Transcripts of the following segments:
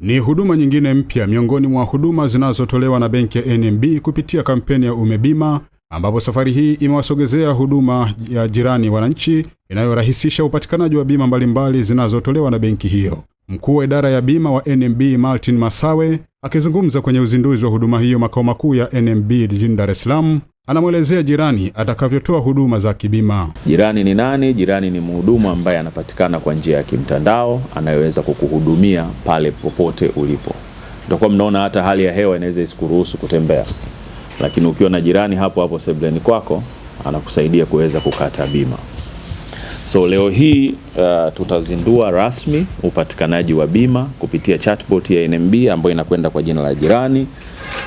Ni huduma nyingine mpya miongoni mwa huduma zinazotolewa na benki ya NMB kupitia kampeni ya Umebima, ambapo safari hii imewasogezea huduma ya jirani wananchi inayorahisisha upatikanaji wa bima mbalimbali zinazotolewa na benki hiyo. Mkuu wa idara ya bima wa NMB Martin Masawe akizungumza kwenye uzinduzi wa huduma hiyo makao makuu ya NMB jijini Dar es Salaam, anamwelezea jirani atakavyotoa huduma za kibima. Jirani ni nani? Jirani ni mhudumu ambaye anapatikana kwa njia ya kimtandao anayeweza kukuhudumia pale popote ulipo. Tutakuwa mnaona hata hali ya hewa inaweza isikuruhusu kutembea, lakini ukiwa na jirani hapo hapo sebleni kwako anakusaidia kuweza kukata bima. So leo hii uh, tutazindua rasmi upatikanaji wa bima kupitia chatbot ya NMB ambayo inakwenda kwa jina la Jirani.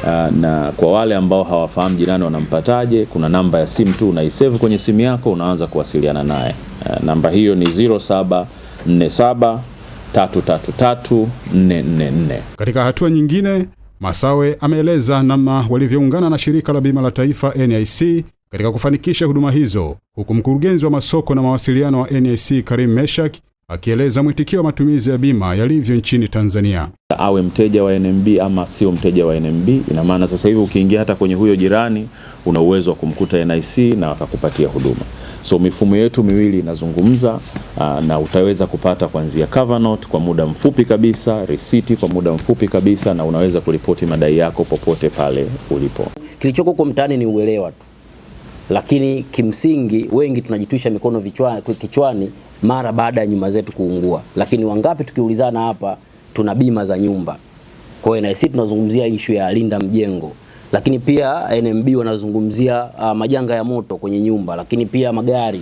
Uh, na kwa wale ambao hawafahamu Jirani wanampataje, kuna namba ya simu tu unaisave kwenye simu yako, unaanza kuwasiliana naye. Uh, namba hiyo ni 0747333444 Katika hatua nyingine, Masawe ameeleza namna walivyoungana na shirika la bima la taifa NIC katika kufanikisha huduma hizo, huku mkurugenzi wa masoko na mawasiliano wa NIC Karim Meshak akieleza mwitikio wa matumizi ya bima yalivyo nchini Tanzania. Awe mteja wa NMB ama sio mteja wa NMB, ina maana sasa hivi ukiingia hata kwenye huyo jirani una uwezo wa kumkuta NIC na wakakupatia huduma. So mifumo yetu miwili inazungumza na utaweza kupata kuanzia cover note kwa muda mfupi kabisa, risiti kwa muda mfupi kabisa, na unaweza kuripoti madai yako popote pale ulipo. Kilichoko mtaani ni uelewa tu lakini kimsingi wengi tunajitwisha mikono vichwani, kichwani mara baada ya nyumba zetu kuungua, lakini wangapi tukiulizana hapa tuna bima za nyumba. Kwa hiyo na sisi tunazungumzia ishu ya linda mjengo, lakini pia NMB wanazungumzia uh, majanga ya moto kwenye nyumba, lakini pia magari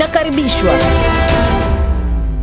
inakaribishwa.